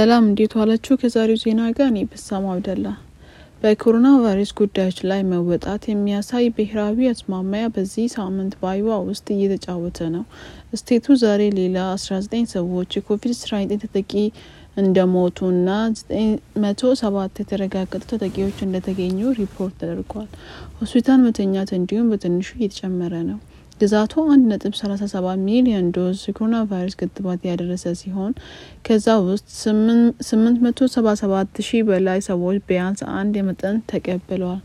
ሰላም እንዴት ዋላችሁ? ከዛሬው ዜና ጋር እኔ በሳም አብደላ። በኮሮና ቫይረስ ጉዳዮች ላይ መወጣት የሚያሳይ ብሔራዊ አስማማያ በዚህ ሳምንት በአይዋ ውስጥ እየተጫወተ ነው። ስቴቱ ዛሬ ሌላ 19 ሰዎች የኮቪድ-19 ተጠቂ እና 907 የተረጋገጡ ተጠቂዎች እንደተገኙ ሪፖርት ተደርጓል። ሆስፒታል መተኛት እንዲሁም በትንሹ እየተጨመረ ነው። ግዛቱ 1.37 ሚሊዮን ዶዝ የኮሮና ቫይረስ ክትባት ያደረሰ ሲሆን ከዛ ውስጥ 877 ሺህ በላይ ሰዎች ቢያንስ አንድ የመጠን ተቀብለዋል።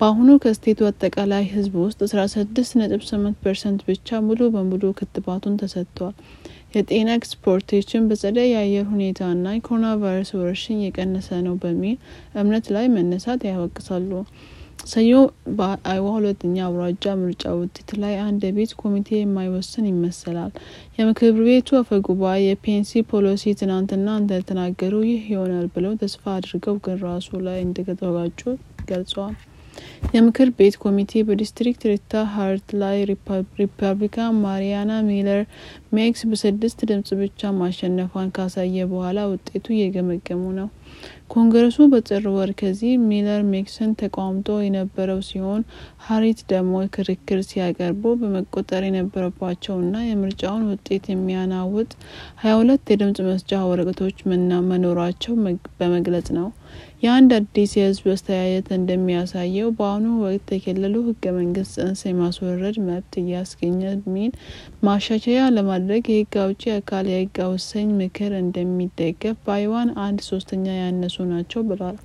በአሁኑ ከስቴቱ አጠቃላይ ህዝብ ውስጥ 16.8 ፐርሰንት ብቻ ሙሉ በሙሉ ክትባቱን ተሰጥቷል። የጤና ኤክስፖርቴሽን በጸደይ የአየር ሁኔታና የኮሮና ቫይረስ ወረርሽኝ የቀነሰ ነው በሚል እምነት ላይ መነሳት ያወቅሳሉ። ሰኞ በአይዋ ሁለተኛ አውራጃ ምርጫ ውጤት ላይ አንድ ቤት ኮሚቴ የማይወስን ይመስላል። የምክር ቤቱ አፈ ጉባኤ የፔንሲ ፖሊሲ ትናንትና እንደተናገሩ ይህ ይሆናል ብለው ተስፋ አድርገው ግን ራሱ ላይ እንደተወጋጩ ገልጸዋል። የምክር ቤት ኮሚቴ በዲስትሪክት ሪታ ሀርት ላይ ሪፐብሊካን ማሪያና ሚለር ሜክስ በስድስት ድምጽ ብቻ ማሸነፏን ካሳየ በኋላ ውጤቱ እየገመገሙ ነው። ኮንግረሱ በጥር ወር ከዚህ ሚለር ሜክሰን ተቋምጦ የነበረው ሲሆን ሀሪት ደግሞ ክርክር ሲያቀርቡ በመቆጠር የነበረባቸውና የምርጫውን ውጤት የሚያናውጥ ሀያ ሁለት የድምጽ መስጫ ወረቀቶች መኖራቸው በመግለጽ ነው። የአንድ አዲስ የህዝብ አስተያየት እንደሚያሳየው በአሁኑ ወቅት የክልሉ ህገ መንግስት ጽንስ የማስወረድ መብት እያስገኘ ሚል ማሻሻያ ለማድረግ የህግ አውጪ አካል የህግ አውሰኝ ምክር እንደሚደገፍ በአይዋን አንድ ሶስተኛ ያነሱ ናቸው ብለዋል።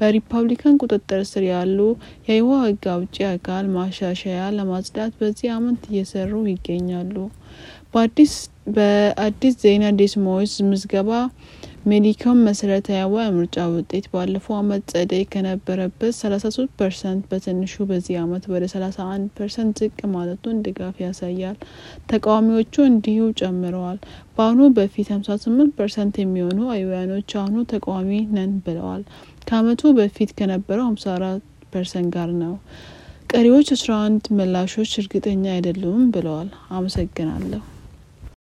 በሪፐብሊካን ቁጥጥር ስር ያሉ የአይዋ ህግ አውጪ አካል ማሻሻያ ለማጽዳት በዚህ አመት እየሰሩ ይገኛሉ። በአዲስ ዜና ዴስሞች ምዝገባ ሜዲካም መሰረታዊ ምርጫ ውጤት ባለፈው አመት ጸደይ ከነበረበት 33 ፐርሰንት በትንሹ በዚህ አመት ወደ 31 ፐርሰንት ዝቅ ማለቱን ድጋፍ ያሳያል። ተቃዋሚዎቹ እንዲሁ ጨምረዋል። በአሁኑ በፊት 58 ፐርሰንት የሚሆኑ አይውያኖች አሁኑ ተቃዋሚ ነን ብለዋል። ከአመቱ በፊት ከነበረው 54 ፐርሰንት ጋር ነው። ቀሪዎች 11 ምላሾች እርግጠኛ አይደሉም ብለዋል። አመሰግናለሁ።